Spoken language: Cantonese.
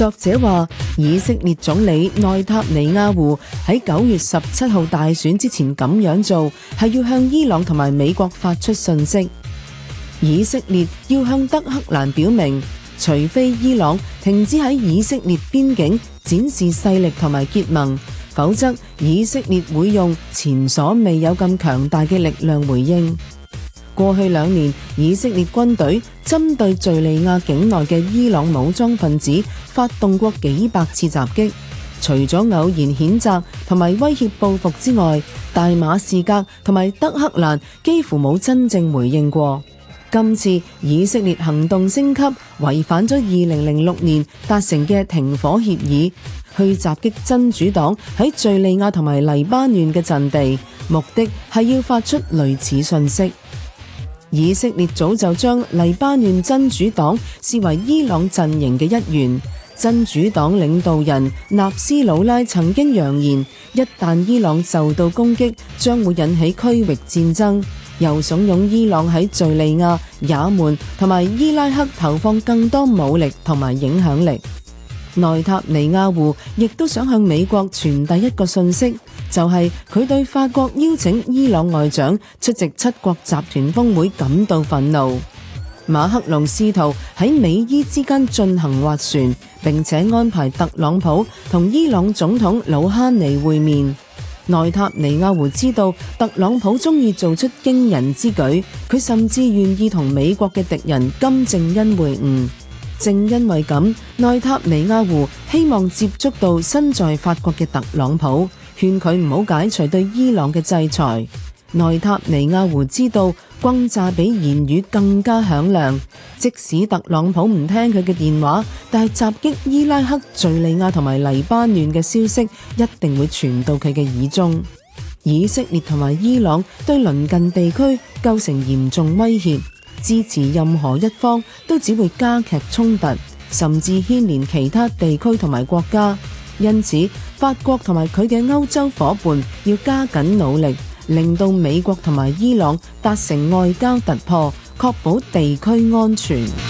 作者話，以色列總理內塔尼亞胡喺九月十七號大選之前咁樣做，係要向伊朗同埋美國發出訊息。以色列要向德黑蘭表明，除非伊朗停止喺以色列邊境展示勢力同埋結盟，否則以色列會用前所未有咁強大嘅力量回應。過去兩年，以色列軍隊針對敘利亞境內嘅伊朗武裝分子發動過幾百次襲擊。除咗偶然譴責同埋威脅報復之外，大馬士革同埋德黑蘭幾乎冇真正回應過。今次以色列行動升級，違反咗二零零六年達成嘅停火協議，去襲擊真主黨喺敘利亞同埋黎巴嫩嘅陣地，目的係要發出類似信息。以色列早就將黎巴嫩真主黨視為伊朗陣營嘅一員。真主黨領導人納斯魯拉曾經揚言，一旦伊朗受到攻擊，將會引起區域戰爭，又慫恿伊朗喺敘利亞、也門同埋伊拉克投放更多武力同埋影響力。內塔尼亞胡亦都想向美國傳遞一個信息。就係佢對法國邀請伊朗外長出席七國集團峰會感到憤怒。馬克龍試圖喺美伊之間進行斡旋，並且安排特朗普同伊朗總統魯哈尼會面。內塔尼亞胡知道特朗普中意做出驚人之舉，佢甚至願意同美國嘅敵人金正恩會晤。正因為咁，內塔尼亞胡希望接觸到身在法國嘅特朗普。勸佢唔好解除對伊朗嘅制裁。內塔尼亞胡知道，轟炸比言語更加響亮。即使特朗普唔聽佢嘅電話，但係襲擊伊拉克、敘利亞同埋黎巴嫩嘅消息一定會傳到佢嘅耳中。以色列同埋伊朗對鄰近地區構成嚴重威脅，支持任何一方都只會加劇衝突，甚至牽連其他地區同埋國家。因此，法國同埋佢嘅歐洲夥伴要加緊努力，令到美國同埋伊朗達成外交突破，確保地區安全。